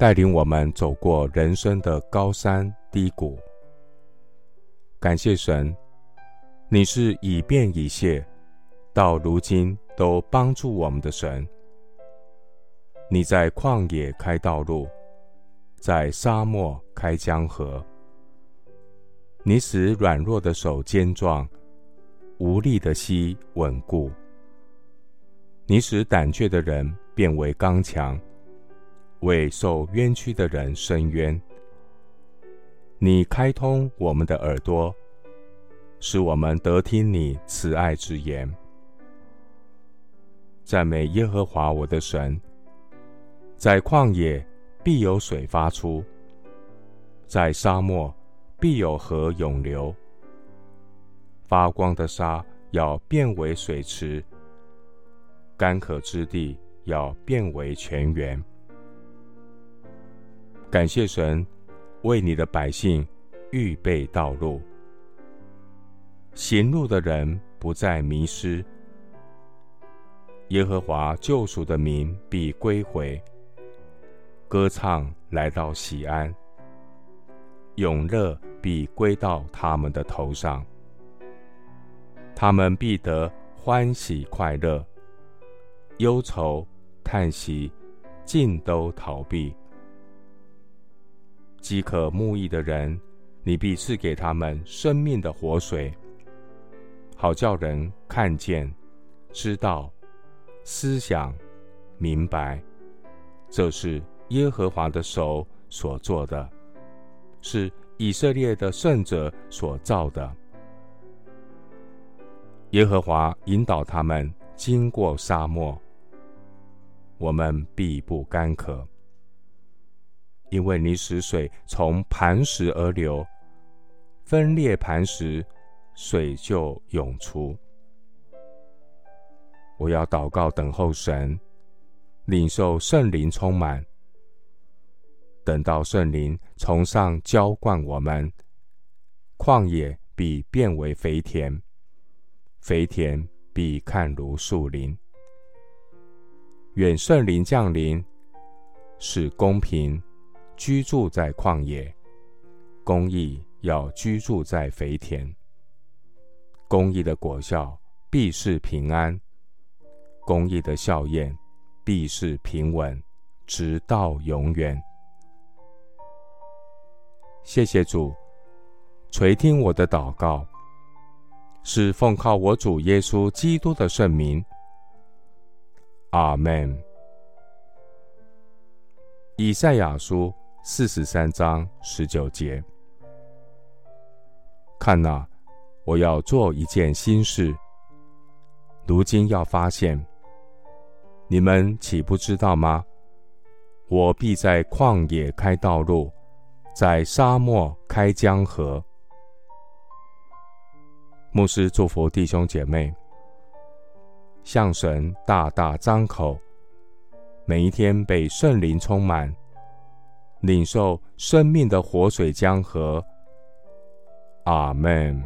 帶領我們走過人生的高山低谷，感謝神，你是以便以謝，到如今都幫助我們的神。你在曠野開道路，在沙漠開江河。你使軟弱的手堅壯，無力的膝穩固。你使膽怯的人變為剛強。為受冤屈的人伸冤。你開通我們的耳朵，使我們得聽你慈愛之言。讚美耶和華我的神，在曠野必有水發出，在沙漠必有河湧流。發光的沙要變為水池，乾渴之地要變為泉源。感謝神，為你的百姓預備道路，行路的人不再迷失。耶和華救贖的民必歸回，歌唱來到錫安，永樂必歸到他們的頭上，他們必得歡喜快樂，憂愁嘆息盡都逃避。飢渴慕義的人，你必賜給他們生命的活水，好叫人看見、知道、思想、明白，這是耶和華的手所做的，是以色列的聖者所造的。耶和華引導他們經過沙漠，我們必不乾渴。因為你使水從磐石而流，分裂磐石，水就湧出。我要禱告，等候神，領受聖靈充滿，等到聖靈從上澆灌我們，曠野必變為肥田，肥田必看如樹林。願聖靈降臨，使公平。居住在曠野，公義要居住在肥田。公義的果效必是平安，公義的效驗必是平穩，直到永遠。謝謝主，垂聽我的禱告，是奉靠我主耶穌基督的聖名。阿門。以賽亞書。四十三章十九節，看哪、啊，我要做一件新事。如今要發現，你們豈不知道嗎？我必在曠野開道路，在沙漠開江河。牧師祝福弟兄姐妹，向神大大張口，每一天被聖靈充滿。領受生命的活水江河。阿門。